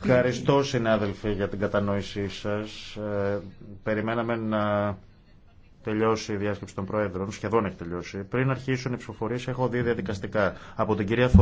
Ευχαριστώ συνάδελφοι για την κατανόησή σας. Ε, περιμέναμε να τελειώσει η διάσκεψη των Πρόεδρων, σχεδόν έχει τελειώσει. Πριν αρχίσουν οι ψηφοφορίες έχω δει διαδικαστικά από την κυρία